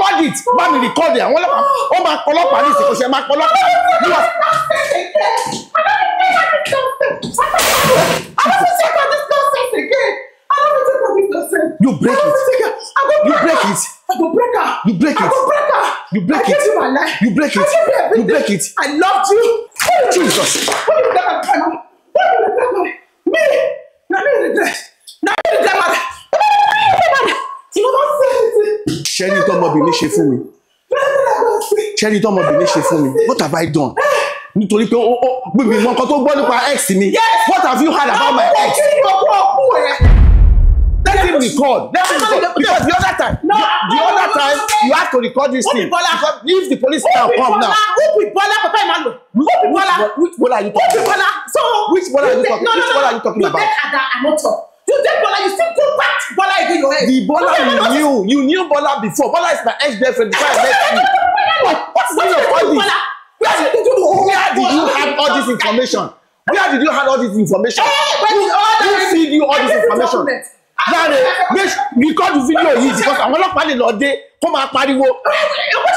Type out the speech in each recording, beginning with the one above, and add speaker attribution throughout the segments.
Speaker 1: record it bá mi record ẹ̀ àwọn ọlọ́pàá ó máa pọ̀ ọlọ́pàá ní ìsìnkú ṣe máa pọ̀ ọlọ́pàá ní wà. You break it. You break it. You break it. You break it. You break it. You break it. I loved you. Jesus. Me? Na me regret. Na me regret ṣẹ́ni tọmọbìnrin ṣe fún mi ṣẹ́ni tọmọbìnrin ṣe fún mi what have I done nítorí pé ó gbìgbì mọ́kàn tó gbọ́ nípa ex mi what have you heard about my ex. Let him record. Let him Because the other time, the, other time, you have to record this thing. Because if the police now come now. Who be Bola? Who be Bola? Who Which Bola Who you bola? about? So which Bola are you talking? Which Bola are you talking about? You said that I'm not talking. You take Bola, you still go back to Bola again your head. The Bola you knew, you knew Bola before. Bola is my ex-girlfriend before I met you. What's going on all this? Where did you do all Where did you have all this information? Where did you have all this information? Who feed you all this information? Láre, record the video is because I'm ọlọ́pàá lè lọ dé kó máa pariwo.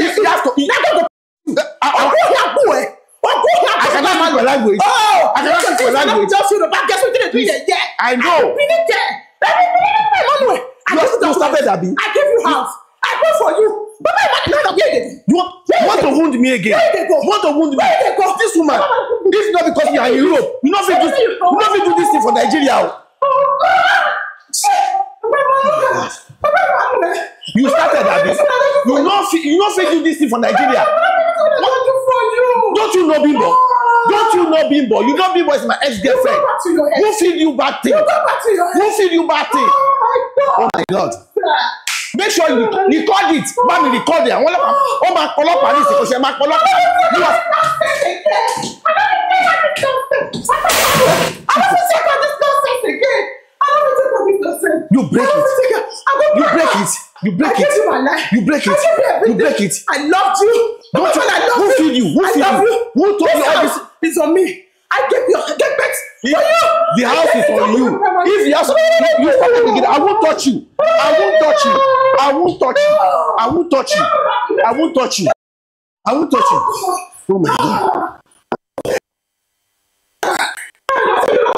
Speaker 1: If you have to. Lágbàdo. Àwọn ọlọ́pàá kú I cannot Akadama your language. Oh, I cannot Akadama your language. Just you know, but guess what you do? Yeah, I know. I really care. Let me Let me. Let me. I just you started, Abi. I gave you half. I pray for you. But my man not here again. You want, you want to wound me again? Where they go? You want to wound me? Where they go? This woman. This is not because you are in Europe. You not fit do. You not fit do this thing for Nigeria. Oh, you started, Abi. You not fit. You not fit do this thing for Nigeria. Don't you know Bimbo? Don't you know Bimbo? You know Bimbo is my ex-girlfriend. Who feed you bad things? Who feed you bad things? Oh, oh my God. Make sure you record it. Bá mi record it. oh my, ó máa kọ́ ọlọ́pàá oh my, ṣe máa kọ́ ọlọ́pàá. You break it. You break it. You break it. You break it. You break it. I loved you. Don't you? Who feed you? Who feed you? Who told you all this? It's on me. I get your get back for you. The house is on you. If you house, if you start again, I won't touch you.
Speaker 2: I won't touch you.
Speaker 1: I won't touch you. I won't touch you. I won't touch you. I won't touch you. Oh my God.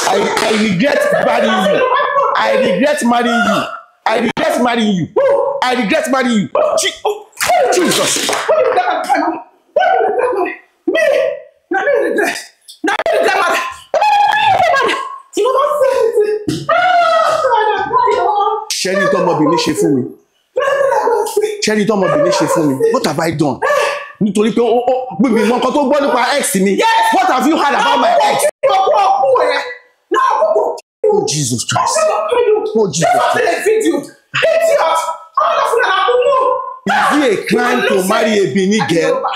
Speaker 1: I, I regret marrying you. I regret marrying you. I regret marrying you. I regret marrying you. Oh, oh, Jesus. What did that man What did that man Me? Now me regret. Now me regret man. Ah, Ṣẹ́ni tọmọbìnrin ṣe fún mi. Ṣẹ́ni tọmọbìnrin ṣe fún mi. What have I done? Nítorí pé ó gbèmí mọ́kàn tó gbọ́ nípa ex mi. What have you heard about my ex? Náà kókò kú rẹ̀. Náà kókò kú. Oh Jesus Christ. Oh, Jesus. Jesus didn't feed you. Idiot. All of you are Is it a crime to marry a Bini girl?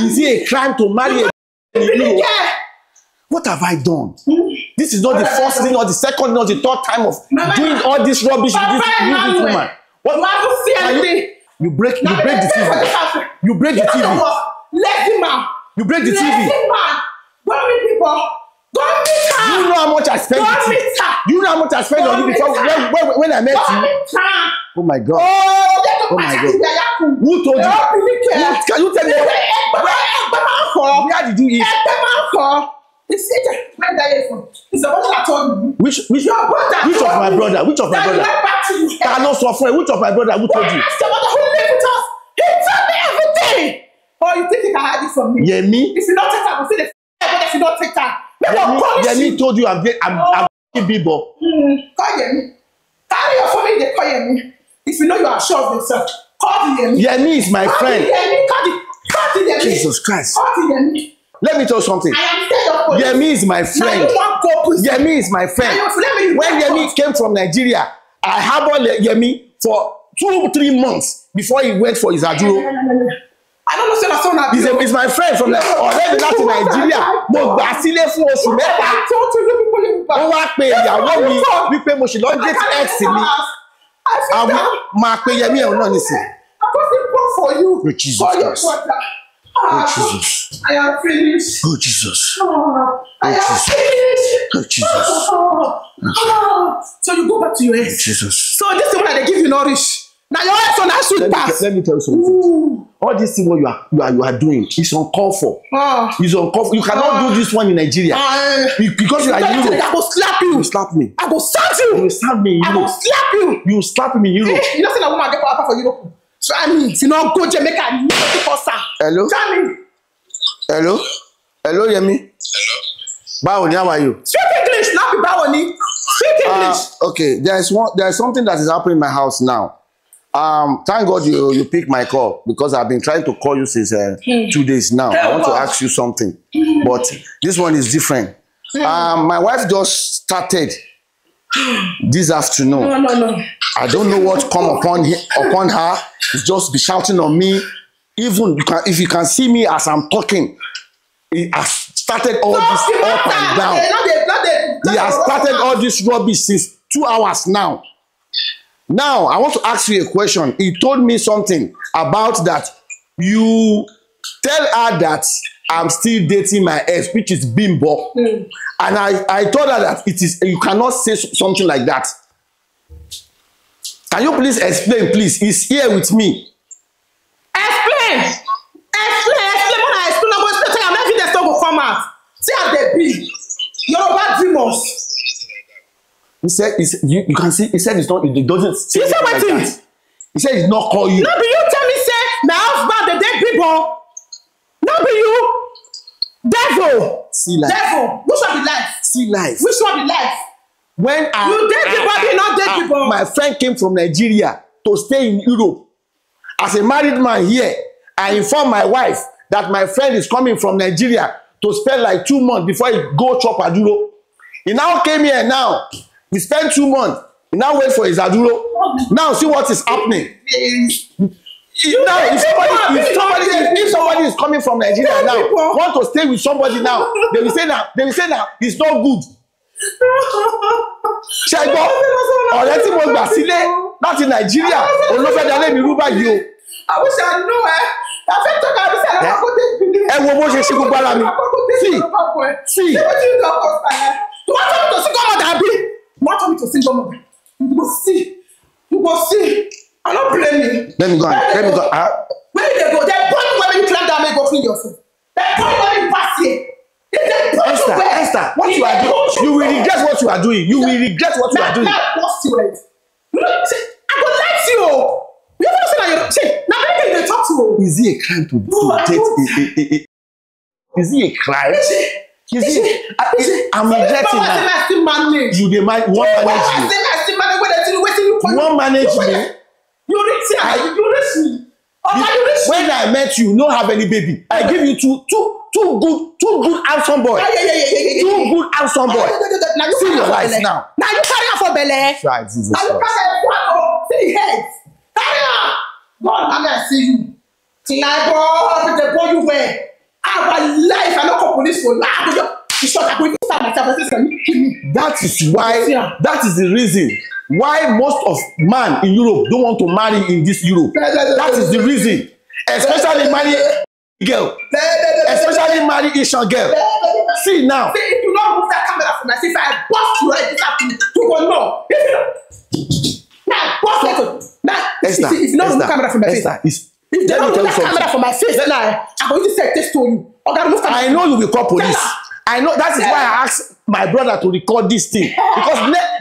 Speaker 1: Is it a crime to marry a Bini girl? What have I done? Hmm. This is not the first thing, or the second, or the third time of doing all this rubbish Mama, with this, with this woman. What? You haven't seen anything. You break, you break the TV. You break the TV. Let man? out. You break the TV. Let him out. Worry people. Computer. You know how much I spent. Computer. You know how much I spent on you before when, when, when I met Computer. you. Oh my God. Oh, oh my God. Who told you? Who, can you tell me? Where did you eat? It's it. Where that is from? It's the one that told me. Which which your brother? Which of my brother? Which of my brother? That you. Ta ló sọ fún Which of my brother? Who told you? That's the one who lived with us. He told me everything. Oh, you think you can hide it from me? Yeah, me. If you don't take time, we'll see the. But if you don't take time. Yemi told you I'm I'm, oh. I'm Bebo. Mm. Mm-hmm. Call Yemi. Carry your family, they call Yemi. If you know you are sure of yourself, call the Yemi. Yemi is my call friend. Yemi. Call the, call the Yemi. Jesus Christ. Call the Yemi. Let me tell you something. Yemi is my friend. Yemi is my friend. When Yemi came from Nigeria, I harbored Yemi for two, three months before he went for his aduro. I don't know say na so na. He's, a, he's my friend from ọ̀rẹ́ mi láti Nàìjíríà. Mo gbà á sílé fún oṣù mẹ́ta. Ó wá pe ìyàwó mi wípé mo ṣì lọ date ex mi. Àwọn máa pe Yẹmí ẹ̀hún náà nísìn. Oh Jesus Christ. Oh ah, Jesus. I am finished. Oh Jesus. Oh, I Oh Jesus. Oh, ah, so you go back to your ex. Oh, Jesus. So this is why they give you nourish na your head so na let pass. Me, let me tell you something Ooh. all this thing wey you are you are you are doing is uncalled for ah. is uncalled for you cannot ah. do this one in nigeria ah. Eh. because you are in i go slap you you slap me i go slap you you slap me in europe i go slap you you slap me in eh, europe eh you know say na woman get power for europe try me sinna go je make i know the first hello try me. hello hello yemi báwo ni how are you. speak english na be báwo ni speak ah, english. Uh, okay there is one there is something that is happening in my house now Um, thank God you you pick my call because I've been trying to call you since uh, hmm. two days now. I want to ask you something, but this one is different. Hmm. Um, my wife just started this afternoon. No, no, no. I don't know what come upon upon her. It's just be shouting on me. Even you can, if you can see me as I'm talking, he has started all Stop this up and down. Not the, not the, not he has started all this rubbish since two hours now. Now, I want to ask you a question. He told me something about that. You tell her that I'm still dating my ex, which is Bimbo. Mm. And I, I told her that it is you cannot say something like that. Can you please explain, please? He's here with me. Explain! Explain, explain. When I explain, I'm going to tell you, I'm not going to come out. See how they be. about demons. He said, he you, you can see, he said it's not, it doesn't say You said what like that. He said he's not call you. No, be you tell me, say, my husband, the dead people. No, be you. Devil. See life. Devil. Which one be life? See life. Which one be life? When I, you dead people, I, I, not dead people. My friend came from Nigeria to stay in Europe. As a married man here, I inform my wife that my friend is coming from Nigeria to spend like two months before he go chop aduro. He now came here now he spent two months he now wait for his aduro. now see what is happening now if somebody if somebody if, if somebody is coming from Nigeria now want to stay with somebody now they will say now, they will say now, it's not good ṣẹgbọ ọ̀rẹ́ tí mo gbà sílé láti nàìjíríà olófẹdà lèmi rú báyìí o. àwùjọ àánú ẹ
Speaker 2: àfẹ tọ́ka àbísà lọ́wọ́ kó
Speaker 1: dé ìpínlẹ̀. ẹ wo bó ṣe ṣe gbogbo ara See, see. sí. ṣé o ti ń lọ ọkọ̀ ọ̀sán yẹn.
Speaker 2: tó wá tó tó sí kọ́mọ̀dà
Speaker 1: bíi want to see grandmother. You go see. You go see. I don't blame you. Let me go. Where let me go. go. Ah. Where did they go? They point where you climb down and go clean yourself. They point where you pass here. Esther, Esther, what you, are doing, you will regret what you are doing. You will regret what you are doing. Now, what's the word? I go let you. You understand that you're check. Now, maybe they talk to you. Is he a crime to, no, to date? Is he a crime? you see i'm rejecting am you dey mind you wan manage me One manage me you reach me you reach me oga you reach me when i met you no have any baby i give you two two two good two good handsome boy two good handsome boy see your eyes now na you carry am for belle try jesus christ na you carry am for belle see head carry am ah. god na me i see you till i go up dey pour you well that is why that is the reason why most of man in Europe don't want to marry in this Europe that is the reason especially marry girl especially marry Asian girl see now. see if you no move that camera from my sister I burst your head this afternoon you go know if you no na Esther. Esther. head na if you no move camera from my face if you no move that camera from my face na I go use the set taste to you. Okay, Mustafa. I know you will call police. I know that is why I asked my brother to record this thing because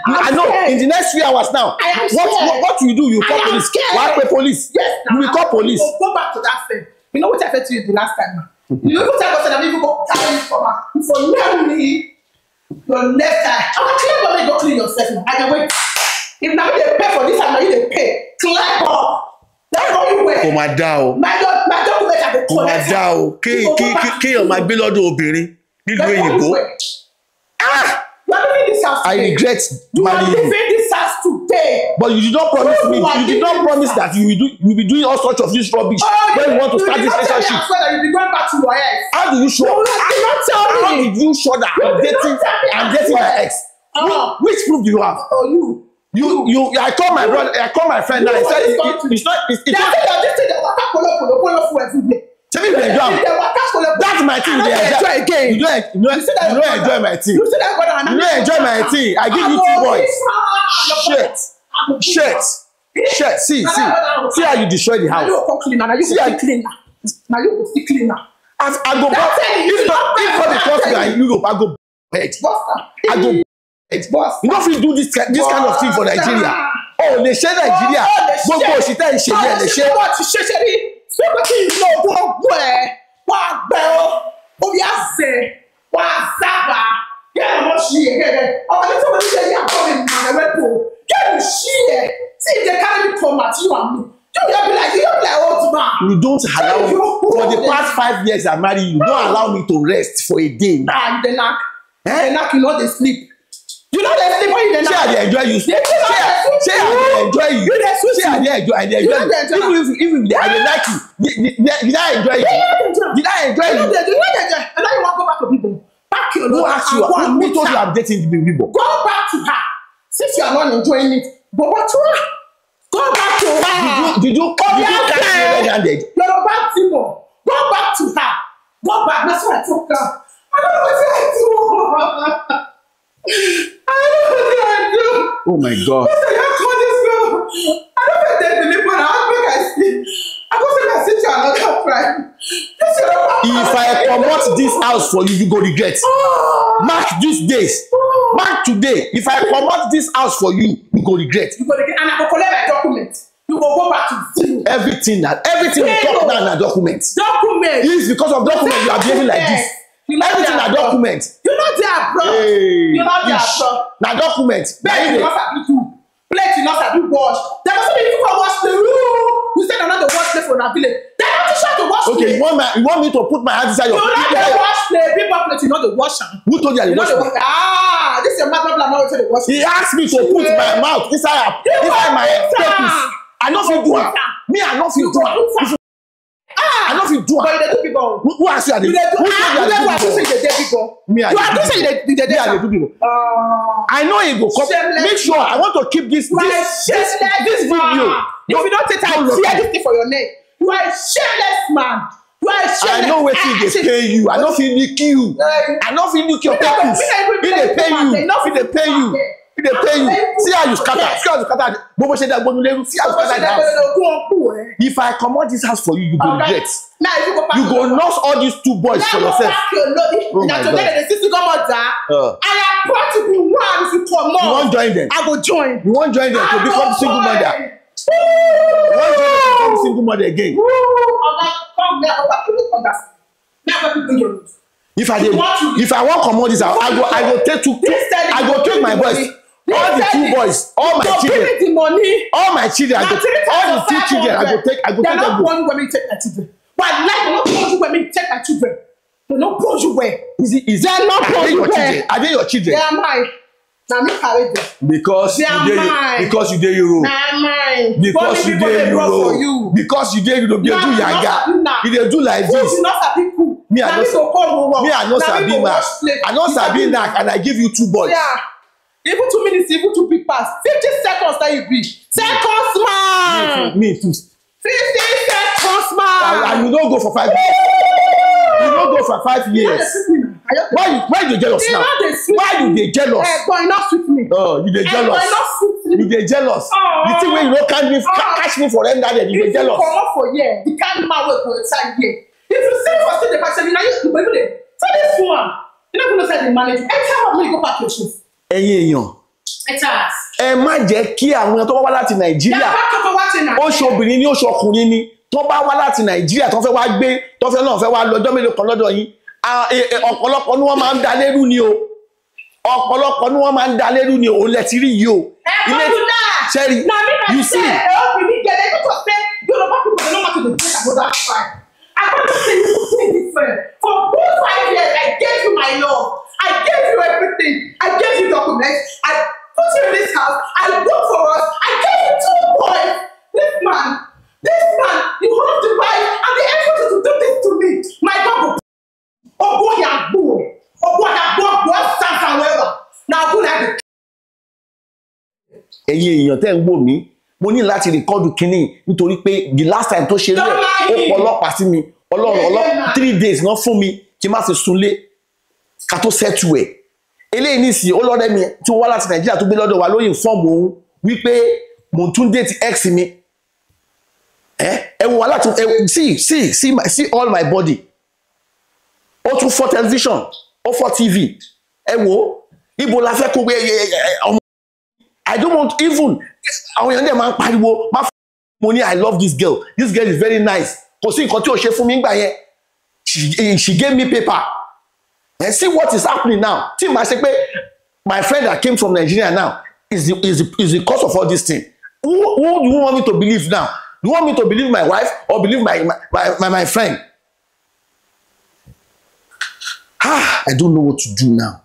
Speaker 1: I know in the next few hours now what, what what you do you call I police why pay police yes, you will call police. Go, back to that thing you know what I said to you the last time you know what I said I'm even go tell you for back for lonely your left eye I wan clear your go clean yourself now I can wait if now you dey pay for this and na you dey pay clear up that's all you wait. Oh my dá my God my kó lẹ́sẹ̀. ìwà dá o kéèyàn máa gbé lọ́dọ̀ obìnrin nílùú òyìnbó. Ah! I regret marrying you. But you did not promise me. You did not promise that you will do. You will be doing all sorts of this rubbish oh, when you want to start this relationship. How do you show? You did How did you show that I'm dating? I'm dating my ex. Oh. Which proof do you have? Oh, you you you i call my brother i call my friend now he say it, it, it's not it's, it's not. say this thing dey waka kolo kolo everywhere. Tell me you enjoy am. That's my thing. You enjoy again. You don't you don't, you don't enjoy my thing. You, don't enjoy my thing. I give you two boys. Shit. Shit. Shit. See see see how you destroy the house. Na you go clean na you clean na. Na you go still clean na. As I go back if if for the first guy in Europe, I go head. I go you no fit do this, this kind of thing for Nigeria o lè ṣe Nàìjíríà gbogbo òṣìṣẹ́ ìṣe yẹn lè ṣe. ọ̀rọ̀ ti ṣe ṣe rí sọ́kò kí n lo oògùn ọgbọ́n ẹ̀ wá gbẹ ọ omi àṣẹ wá sábà yẹ ẹ wọ́n ṣí yẹ gẹ́gẹ́ ọmọ ní sọ́kò níṣẹ́ yẹ àbọ̀ mi nà ẹ wẹ́ bò yẹ ẹ ṣí yẹ tí ìjẹ kárẹ́bì trauma ti wà mí yóò yẹ bílẹ̀ yìí yóò bílẹ̀ old man. you don't allow me for the past five years I marry you no allow me to rest for a day. ah you dey knack eh? you dey knack you no dey sleep you no dey sleep when you dey knack. say i dey enjoy you say say i dey enjoy you say i dey enjoy i dey enjoy you even if even if i dey ah! like you did i enjoy you did i enjoy you. you no dey enjoy and now you wan go back you. people back your load and go and meet her who told you i'm dating people. go back to her since you are not enjoying it but what you want go back to her. did you did you oh, did you catch me red handed. yoruba timo go back to her go back na so i talk am i don't know wetin i do. I don't know what I do. Oh my God. Yes, I just call this I don't think they believe what I make I see. I go say my sister another crime. This your If I promote this house for you, you go regret. Oh. Mark these days. Oh. Mark today. If I promote this house for you, you go regret. You go regret and I go collect my documents. You go go back to zero. Everything that everything you talk about now documents. Documents. It is because of documents you are behaving like this. everything are documents dey abroad you no dey abroad na document bed you no sabi do plate you no sabi wash dem go say you for wash the room you say na not the wash plate for una village dem no teach you how to wash okay you want my you want me to put my hand inside your plate you no dey wash plate big boy plate you no dey wash am who told you i dey wash plate ah this your mouth no plan how you dey wash he ask me to put my mouth inside inside my plate I no fit do am. Me I no fit do am. If see do am. but you dey do people. who, who i you? i dey. you dey do who say ah, you dey do people. you dey do people. me i dey do people. you accuse say you dey do people. me i dey do ah. people. Uh, i know e go come make sure i want to keep this this this, this video. if you don take time tear this thing for your neck you are a shameless man. I know wetin dey pay you. I no fit lick you. I no fit lick your pockets. He dey pay you. He dey pay you e dey pay you see how you scatter see how you scatter gbogbo ṣe da gbogbo leru see how you scatter the house if i comot this house for you you go get you go nurse all these two boys for yourself oh my god ah. uh. i am proud to be one if you comot you wan join them i go join you wan join them to become single mother you wan join them to become single mother again. if i dey if i wan comot this house i go i go take two i go take my boys all the two boys all my children all my children i go all the two children i go take i go take them go. they no want women take their children but like they no want you women take their children they no want you well. is it is it are they you children are they your children. they are mine na me carry them. because you dey because you dey euro. na mine. because you dey euro because you dey euro dey do yanga you dey do like oh, this. who you no sabi cook. me i no sabi me i no sabi knack i no sabi knack and i give you two boys even two minutes even two big pass fifty seconds that you be seconds man. me too. fifty seconds man. and ah, you no go for five years. you no go for five years. why you why you dey jealous now why you dey jealous. ẹ̀gbọ́n eh, iná sweet me. oh you dey eh, jealous. ẹ̀gbọ́n iná sweet me. you dey jealous. the oh. thing wey you no catch me oh. catch me for end of the day you dey jealous. if you comot for here the kind man wey go inside here if you see for still dey pass you na you go even dey tell this one, you no go know say i dey manage every time i go you go pack your shoes ẹ̀yin èèyàn ẹ má jẹ́ kí àwọn tó wá láti nàìjíríà oṣù obìnrin ní oṣù ọkùnrin ni tó bá wá láti nàìjíríà tó fẹ́ wá gbé tó fẹ́ náà fẹ́ wá lọ́jọ́ mélòó kan lọ́dọ̀ yín e, e, ọ̀pọ̀lọpọ̀ ni wọ́n máa ń da lérú ni o ọ̀pọ̀lọpọ̀ ni wọ́n máa ń da lérú ni o lẹ ti rí yìí o. ilé sẹ́rí you see. I want to say you different. For both five years, I gave you my love. I gave you everything. I gave you documents. I put you in this house. I worked for us. I gave you two boys. This man, this man, you have to buy, and the effort to do this to me. My God, oh Oh boy, boy, Ogo Yagbo, boy, Yagbo, Ogo Sansanwera. Now, who like the ẹ̀yin èèyàn tẹ́ ń wò mí mo ní láti rìkọ́dù kínní nítorí pé the last time tó ṣe rí ẹ̀ ó pọ̀ ọlọ́pàá sí mi ọlọ́run ọlọ́pàá three days náà fún mi kí n má sì sunlé ká tó sẹ́tù ẹ̀ eléyìí nísìnyí ó lọ́rẹ́ mi tí wọ́n wá láti nàìjíríà tó gbé lọ́dọ̀ wa lóyìn fọ́ọ̀mù òun wípé mò ń tún déètì x mi ẹ ẹ wò wá láti ẹ see see see my see all my body ó tún fọ́ tẹlifíṣàn ó fọ́ tv ẹ wò ó ibo la fẹ́ kó gbé ọmọ i don't want even àwọn èèyàn dẹ̀ máa ń pariwo má fọ́ mo ní i love this girl this girl is very nice kò sí nǹkan tí ò ṣe fún mi gbà yẹn she gave me paper and see what is happening now tí màá ṣe pé my friend that came from Nigeria now is the is the is the cause of all this thing who who do you want me to believe now do you want me to believe my wife or believe my my, my, my friend ah i don't know what to do now